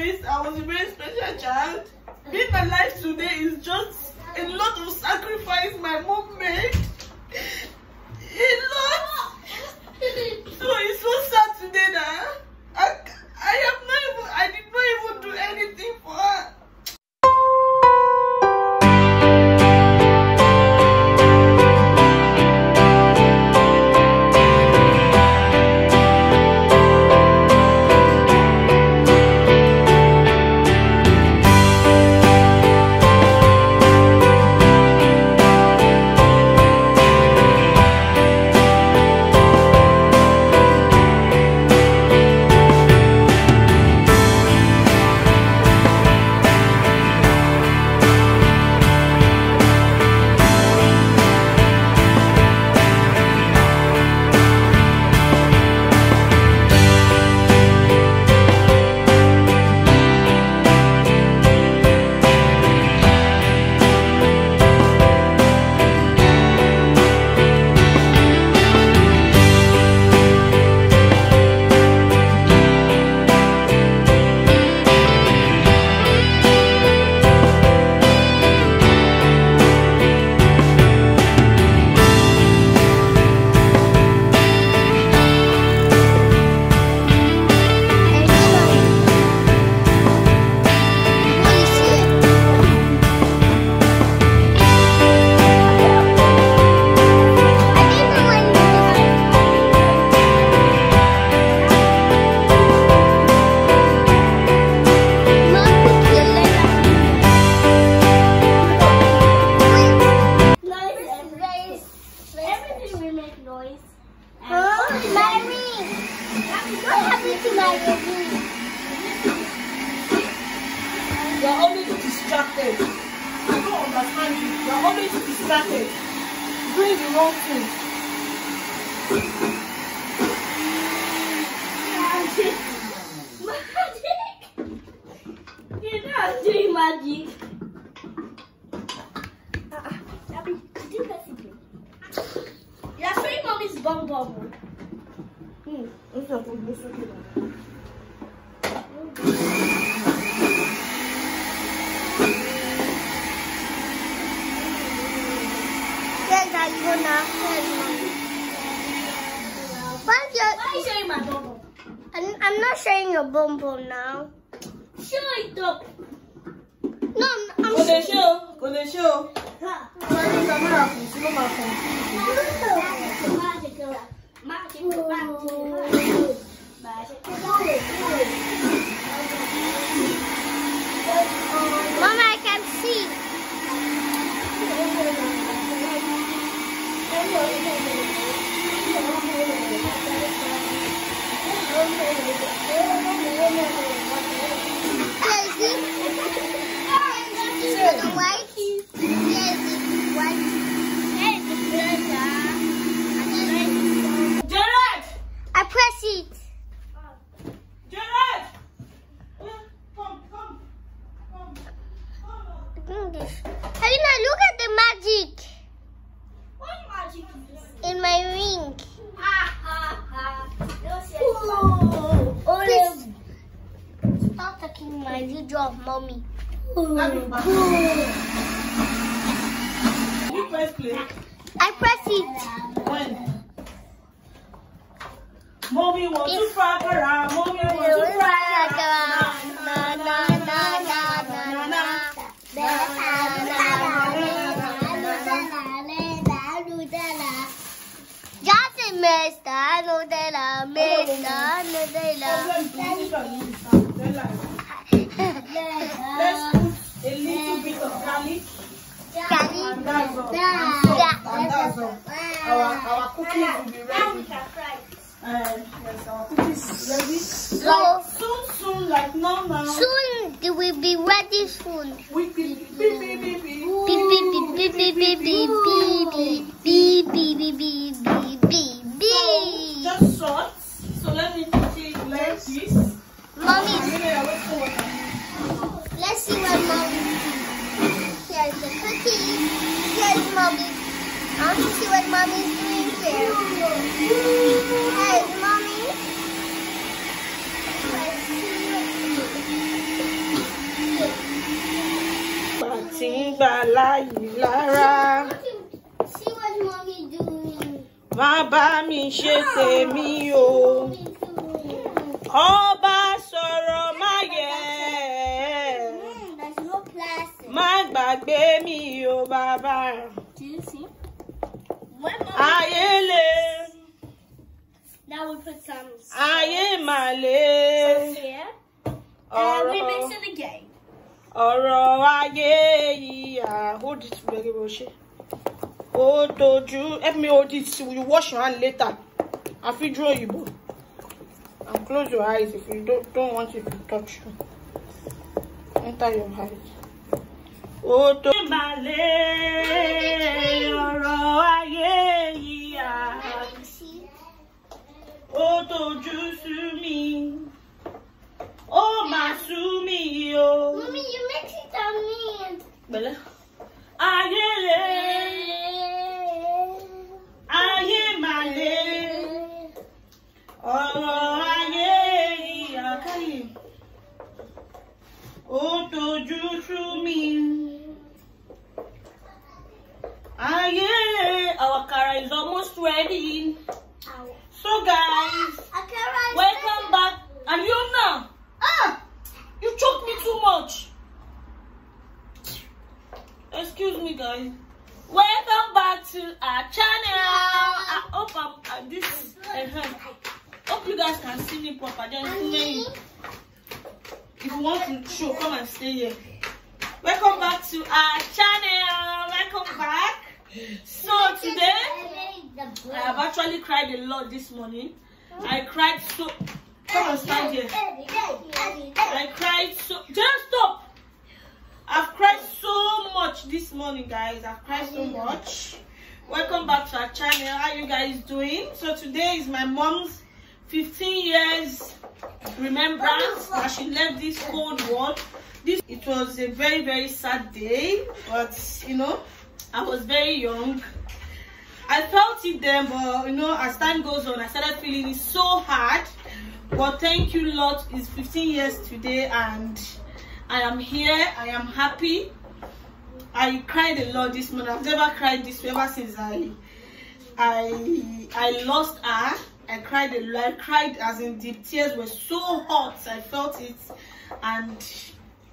raised, I was a very special child. Being alive today is just a lot of sacrifice my mom made. A lot. So it's so sad today that bubble bubble. Hmm, it's not good. good. Then I'm going Why are you showing my bubble? I'm, I'm not showing your bubble now. Show it up. No, I'm, gonna Show. Gonna show. Go show chính Mama, I can see. Crazy. Crazy. Crazy. спросить. Let's put a little bit of garlic. And that's all. And that's all. Our, our cookies will be ready. Uh, yes, our cookies ready. So, like, soon, soon, like now, now. Soon, they will be ready soon. We be, be, be, be, be. Beep, beep, beep, beep, beep, beep, beep, beep, beep, beep, beep, beep. Just short. So let me numbers. Mommy, let's see what mommy. Here's the cookie. Here's mommy. I see what mommy's doing here. Hey, mommy. Bàtíńgbà láyìí lára. See what mommy doing. Má bá mi ṣe tèmi o. Ọba sọ̀rọ̀ má yẹ. Hmm, má gbàgbé mi o bàbá. Ayé le. Now we put some. Ayé mà le. Uh, Ọ̀rọ̀. We mix it again. Ọ̀rọ̀ ayé yìí, ó di tìlú ẹgbẹ́ bó ṣe. Ó dojú, help me hold it till you wash your hand later. Àfi dúró òyìnbó. and close your eyes if you don't, don't want it to touch you. Enter your eyes. Oh, tó. oh, ọ̀rọ̀ ayé yìí à. ó tójú sú mi. ó máa sú mi o. Mummy, you make it on me. Bella. ayé lè. ayé máa Oh. Otoju Sumi. Ah, yeah, our car is almost ready 15 years remembrance that she left this cold world. This it was a very very sad day, but you know, I was very young. I felt it then, but you know, as time goes on, I started feeling it so hard. But thank you, Lord. It's 15 years today, and I am here. I am happy. I cried a lot this morning. I've never cried this way ever since I I I lost her. I cried a lot. I cried as in the tears were so hot. I felt it. And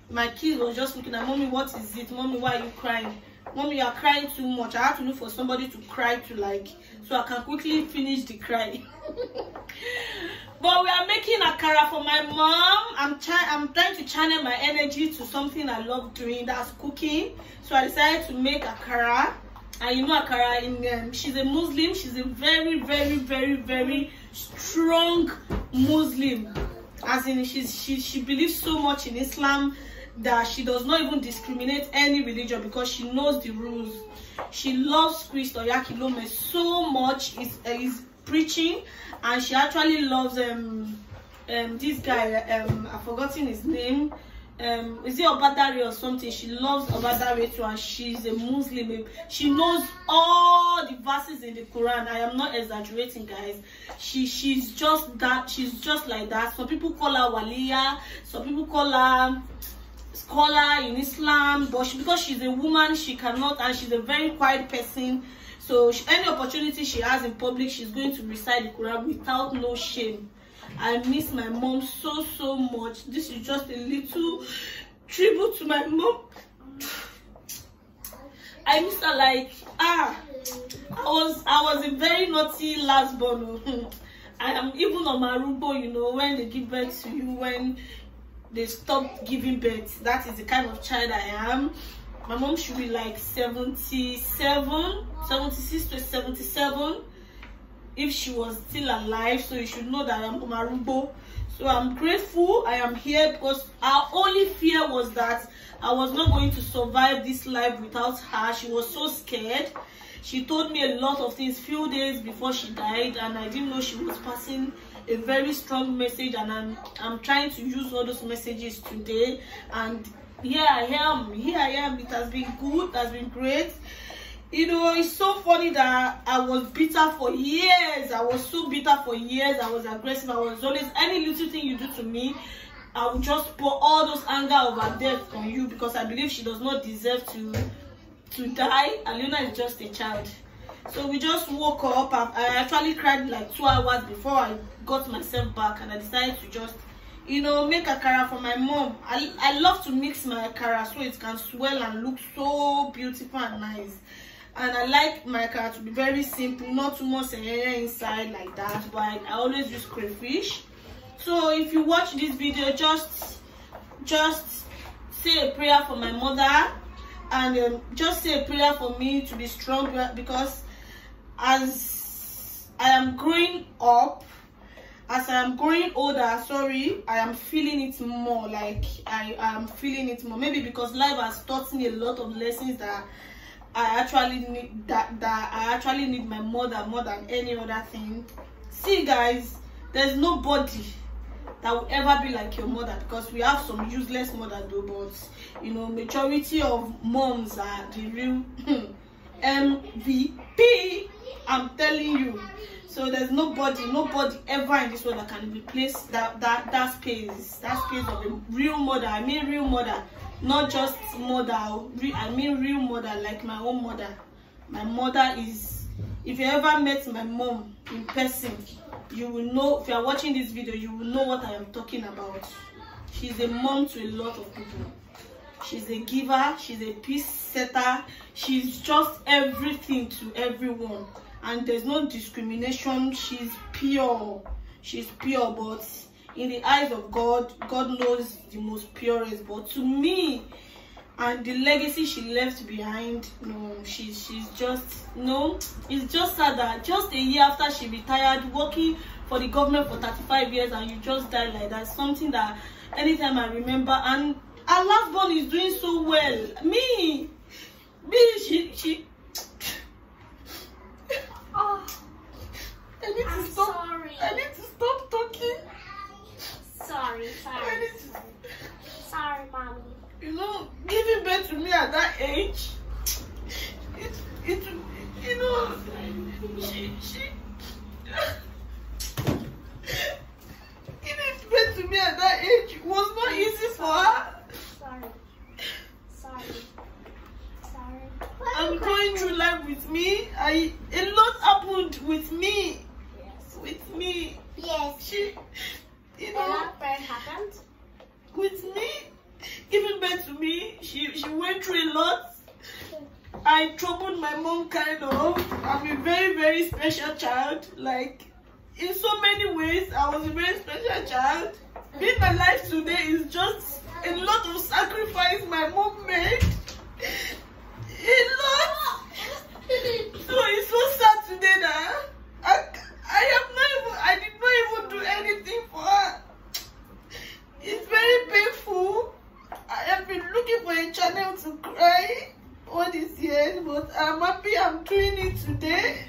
my kids was just looking at mommy, what is it? Mommy, why are you crying? Mommy, you are crying too much. I have to look for somebody to cry to like so I can quickly finish the cry. but we are making a cara for my mom. I'm trying I'm trying to channel my energy to something I love doing, that's cooking. So I decided to make a cara and you know Akara in um, she's a Muslim she's a very very very very strong Muslim as in she's she, she believes so much in Islam that she does not even discriminate any religion because she knows the rules she loves Christ Oyakilome so much is is uh, preaching and she actually loves um um this guy um I've forgotten his name um is it Obadari or something she loves Obadari too and she's a Muslim she knows all the verses in the Quran I am not exaggerating guys she she's just that she's just like that some people call her Waliya some people call her scholar in Islam but she, because she's a woman she cannot and she's a very quiet person so she, any opportunity she has in public she's going to recite the Quran without no shame I miss my mom so, so much. This is just a little tribute to my mom. I miss her like, ah, I was, I was a very naughty last born. Oh. I am even on my boy. you know, when they give birth to you, when they stop giving birth. That is the kind of child I am. My mom should be like 77, 76 to 77 if she was still alive so you should know that i'm umarumbo so i'm grateful i am here because our only fear was that i was not going to survive this life without her she was so scared she told me a lot of things few days before she died and i didn't know she was passing a very strong message and i'm i'm trying to use all those messages today and here i am here i am it has been good it has been great you know it's so funny that i was bitter for years i was so bitter for years i was aggressive i was always any little thing you do to me i would just pour all those anger over death on you because i believe she does not deserve to to die aluna is just a child so we just woke up i actually cried like two hours before i got myself back and i decided to just you know make a akara for my mom i i love to mix my akara so it can swell and look so beautiful and nice and i like my car to be very simple not too much area inside like that but i always use crayfish so if you watch this video just just say a prayer for my mother and um, just say a prayer for me to be strong because as i am growing up as i am growing older sorry i am feeling it more like i am feeling it more maybe because life has taught me a lot of lessons that I actually need that that I actually need my mother more than any other thing. See guys, there's nobody that will ever be like your mother because we have some useless mother though, but you know, majority of moms are the real MVP. I'm telling you. So there's nobody, nobody ever in this world that can replace that that that space, that space of a real mother. I mean real mother not just mother i mean real mother like my own mother my mother is if you ever met my mom in person you will know if you are watching this video you will know what i am talking about she's a mom to a lot of people she's a giver she's a peace setter she's just everything to everyone and there's no discrimination she's pure she's pure but in the eyes of God, God knows the most purest. But to me, and the legacy she left behind, no, she's she's just no. It's just sad that just a year after she retired, working for the government for 35 years, and you just die like that. Something that anytime I remember, and our last born is doing so well. Me, me, she she. Ah. I need I'm to stop. Sorry. I need to stop talking. Sorry, sorry. sorry, mommy. You know, giving birth to me at that age, it, it, you know, she, she, giving birth to me at that age was not easy for her. Sorry, sorry, sorry. I'm going through life with me. I a lot happened with me. Yes. With me. Yes. She you know. That happened. With me, giving birth to me, she she went through a lot. I troubled my mom kind of. I'm a very very special child. Like in so many ways, I was a very special child. Being alive today is just a lot of sacrifice my mom made. A lot. So it's so sad today that I, I have not even, I did can't even do anything for her. It's very painful. I have been looking for a channel to cry all these years, but I'm happy I'm doing it today.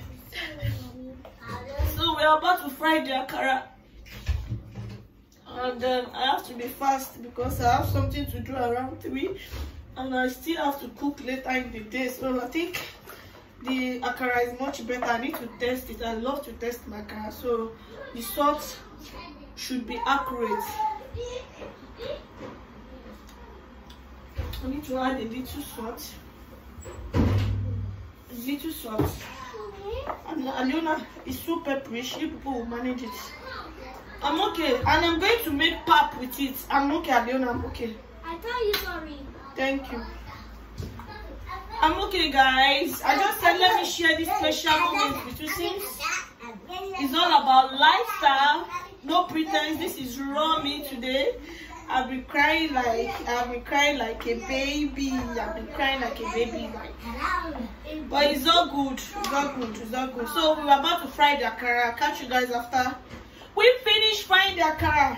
So we're about to fry the akara. And then I have to be fast because I have something to do around 3. And I still have to cook later in the day. So I think the akara is much better i need to test it i love to test my akara so the salt should be accurate i need to add a little salt a little salt and alona is so peppery she people will manage it i'm okay and i'm going to make pap with it i'm okay alona i'm okay i tell you sorry thank you I'm okay, guys. I just said let me share this special moment with you since it's all about lifestyle. No pretense. This is raw me today. I've been crying like I've been crying like a baby. I've been crying like a baby. Like, but it's all good. It's all good. It's all good. So we are about to fry the car. Catch you guys after we finish frying the car.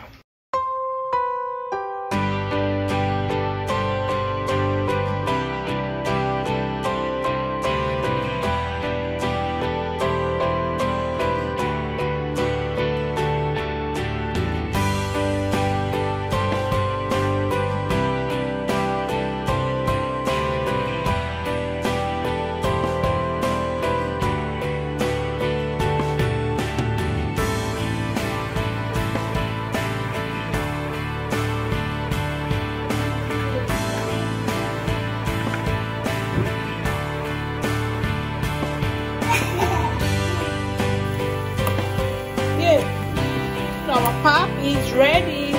It's ready.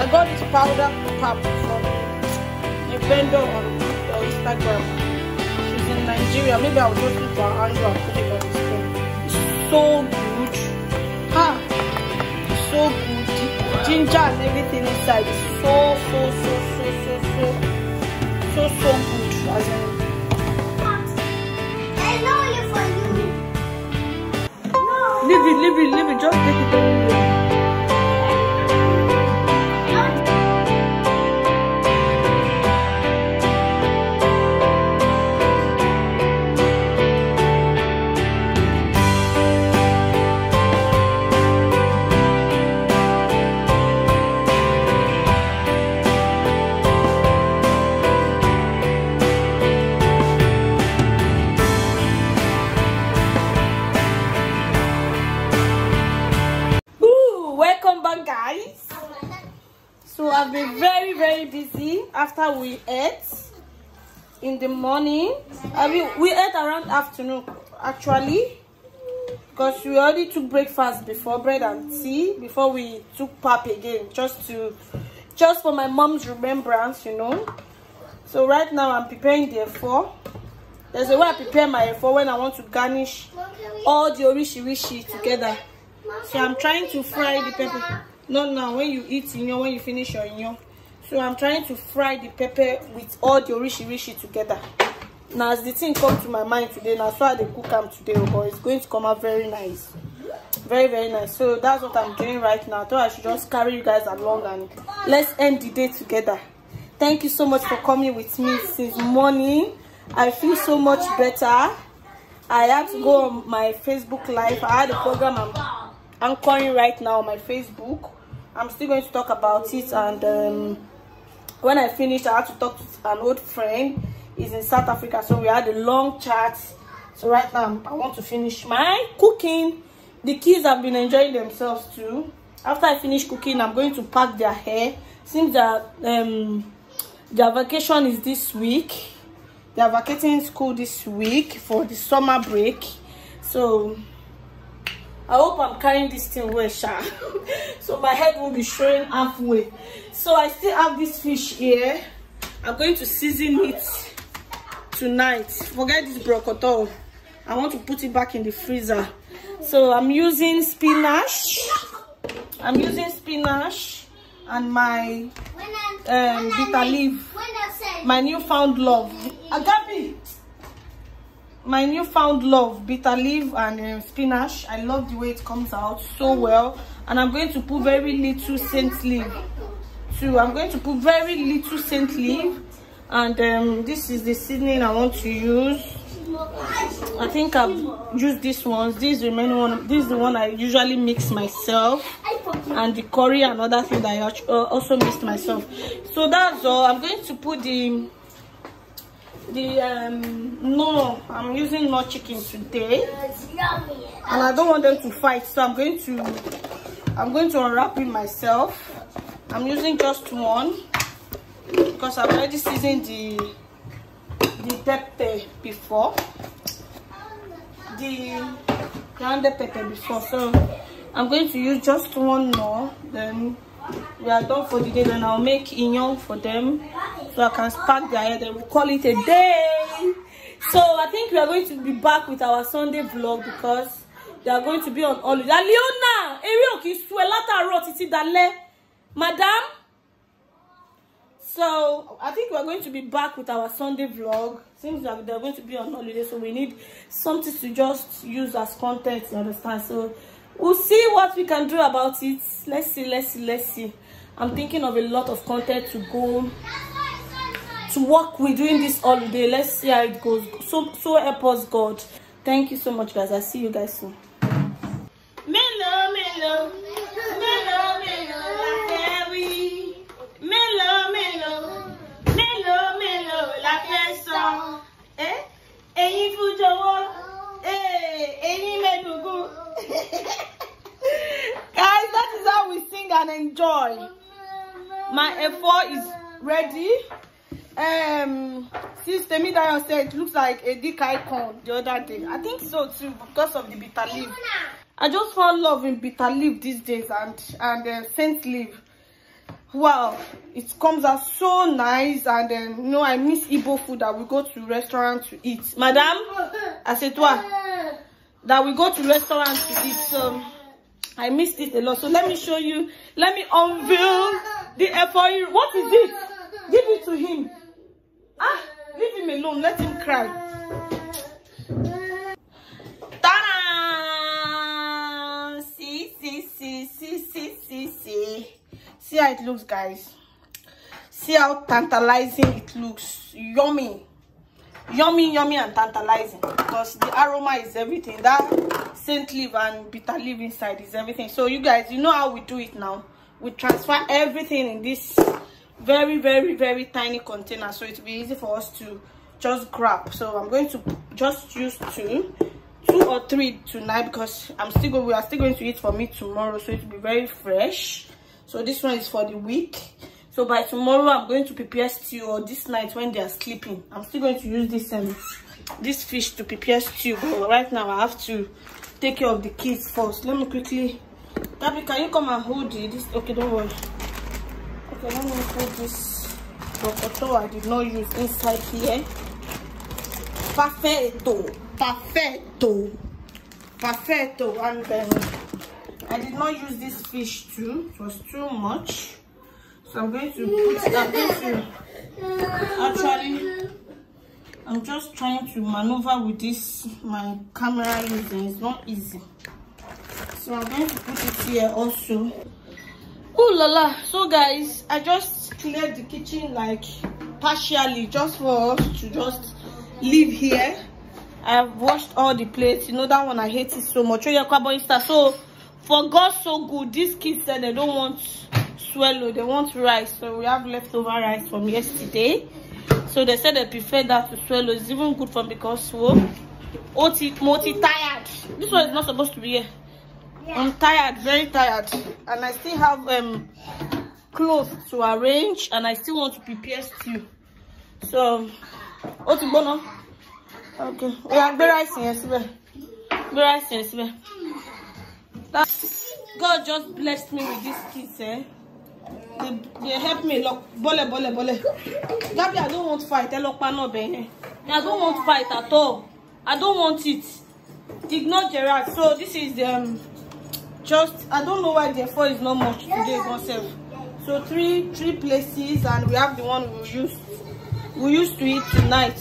I got this powder cup from a vendor on, Instagram. She's in Nigeria. Maybe I'll just put her handle and put it on the screen. It's so good. Ah, it's so good. Ginger and everything inside is so, so, so, so, so, so, so, so good. As in, Leave it, leave it, leave it, just take it anyway. after we ate in the morning i mean we ate around afternoon actually because we already took breakfast before bread and tea before we took pap again just to just for my mom's remembrance you know so right now i'm preparing the f4 there's a way i prepare my f4 when i want to garnish all the orishi-rishi together so i'm trying to fry the pepper not now when you eat inyo when you finish your inyo so i'm trying to fry the pepper with all the orishi-rishi together now as the thing comes to my mind today now, so i dey cook am today oh, but it's going to come out very nice very very nice so that's what i'm doing right now i thought i should just carry you guys along and let's end the day together thank you so much for coming with me since morning i feel so much better i had to go on my facebook live i had a program i'm anchoring right now on my facebook i'm still going to talk about it and um when i finished i had to talk to an old friend he's in south africa so we had a long chat so right now i want to finish my cooking the kids have been enjoying themselves too after i finish cooking i'm going to pack their hair since that um their vacation is this week they are vacating school this week for the summer break so I hope I'm carrying this thing well, Sha. so my head will be showing halfway. So I still have this fish here. I'm going to season it tonight. Forget this brocoto. I want to put it back in the freezer. So I'm using spinach. I'm using spinach and my um, bitter leaf. My newfound love. Agapi my newfound love bitter leaf and um, spinach i love the way it comes out so well and i'm going to put very little scent leaf so i'm going to put very little scent leaf and um, this is the seasoning i want to use i think i've used this one this main one this is the one i usually mix myself and the curry another thing that i uh, also mix myself so that's all i'm going to put the the um no i'm using no chicken today and i don't want them to fight so i'm going to i'm going to unwrap it myself i'm using just one because i've already seasoned the the pepper before the grounded pepper before so i'm going to use just one more then we are done for the day and i'll make inyon for them so i can spark their head and we'll call it a day so i think we are going to be back with our sunday vlog because they are going to be on holiday leona eré òkè sú ẹ látàárọ títí dalẹ madam so i think we are going to be back with our sunday vlog seems like they are going to be on holiday so we need something to just use as content you understand so we'll see what we can do about it let's see let's see let's see i'm thinking of a lot of content to go to work with during this holiday let's see how it goes so so help us god thank you so much guys i'll see you guys soon mélòó mélòó mélòó mélòó la fẹ́ wí mélòó mélòó mélòó mélòó la fẹ́ eh? sọ ẹ̀yin fún jọ̀wọ́. Guys, that is how we sing and enjoy. My effort is ready. Um, since Temi Dayo said it looks like a dick icon the other day. I think so too because of the bitter leaf. I just found love in bitter leaf these days and and uh, saint leaf. Wow, it comes out so nice and then um, uh, you know I miss Igbo food that we go to restaurant to eat. Madam, I said what that we go to restaurants to eat. So I missed it a lot. So let me show you. Let me unveil the FOE. What is this? Give it to him. Ah, leave him alone. Let him cry. Ta-da! See, see, see, see, see, see, see. See how it looks, guys. See how tantalizing it looks. Yummy yummy yummy and tantalizing because the aroma is everything that saint leaf and bitter leaf inside is everything so you guys you know how we do it now we transfer everything in this very very very tiny container so it'll be easy for us to just grab so i'm going to just use two two or three tonight because i'm still going we are still going to eat for me tomorrow so it'll be very fresh so this one is for the week so by tomorrow i'm going to prepare stew or this night when they are sleeping i'm still going to use this um this fish to prepare stew but right now i have to take care of the kids first let me quickly Tabi, can you come and hold this okay don't worry okay let me put this rocoto i did not use inside here perfecto perfecto perfecto and um, i did not use this fish too it was too much I'm going to put, I'm going to, actually, I'm just trying to maneuver with this, my camera using, it's not easy. So I'm going to put it here also. Oh la la, so guys, I just cleared the kitchen like partially just for us to just live here. I've washed all the plates. You know that one I hate it so much. Oh so for God so good, these kids said they don't want swallow they want rice so we have leftover rice from yesterday so they said they prefer that to swallow it's even good for because whoa oti multi tired this one is not supposed to be here yeah. i'm tired very tired and i still have um clothes to arrange and i still want to prepare stew so oti now okay we have rice in yesterday very yesterday God just blessed me with these kids, eh? they, they help me lock bole bole bole Gabby I don't want fight ẹ lọ paná bẹ yẹn I don't want fight at all I don't want it ignore Gerard so this is um, just I don't know why the effort is not much today myself so three three places and we have the one we use we used to eat tonight.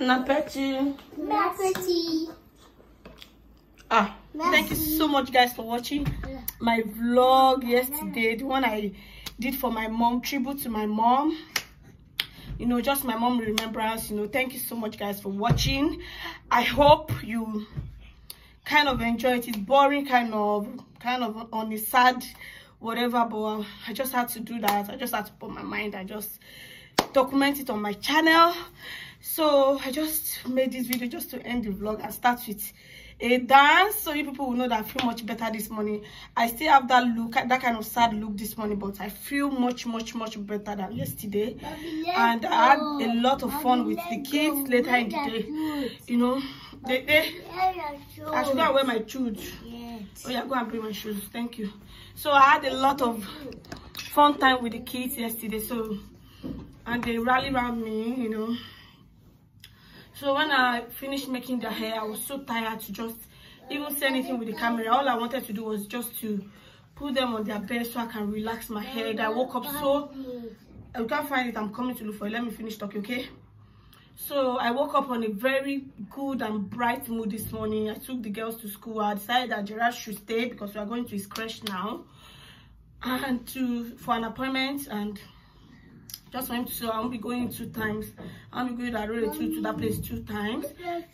Napeti. Napeti. Ah, Merci. thank you so much guys for watching my vlog yesterday. The one I did for my mom, tribute to my mom. You know, just my mom remembrance. You know, thank you so much guys for watching. I hope you kind of enjoy it. It's boring, kind of, kind of on the sad, whatever. But I just had to do that. I just had to put my mind. I just document it on my channel so i just made this video just to end the vlog and start with a dance so you people will know that i feel much better this morning i still have that look that kind of sad look this morning but i feel much much much better than yesterday and i had a lot of fun with the kids later in the day you know they, they i should not wear my shoes oh yeah go and bring my shoes thank you so i had a lot of fun time with the kids yesterday so and they rally around me you know so when I finished making the hair, I was so tired to just even say anything with the camera. All I wanted to do was just to put them on their bed so I can relax my head. I woke up so... I can't find it. I'm coming to look for it. Let me finish talking, okay? So I woke up on a very good and bright mood this morning. I took the girls to school. I decided that Gerard should stay because we are going to his crash now and to for an appointment and just for him to say i'll be going two times i am be going to road two to that place two times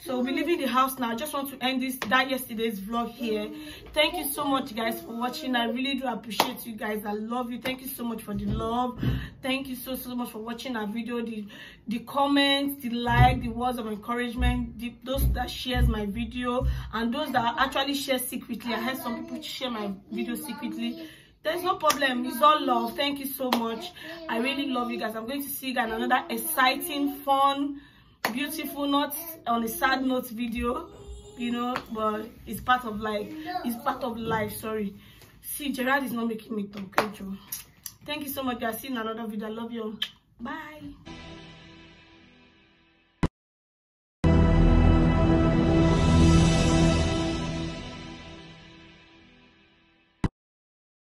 so we'll be leaving the house now i just want to end this that yesterday's vlog here thank you so much guys for watching i really do appreciate you guys i love you thank you so much for the love thank you so so much for watching our video the the comments the like the words of encouragement the, those that shares my video and those that actually share secretly i heard some people share my video secretly there's no problem it's all love thank you so much i really love you guys i'm going to see you guys another exciting fun beautiful not on a sad note video you know but it's part of life it's part of life sorry see gerard is not making me talk okay, Joe. thank you so much I'll see you in another video i love you bye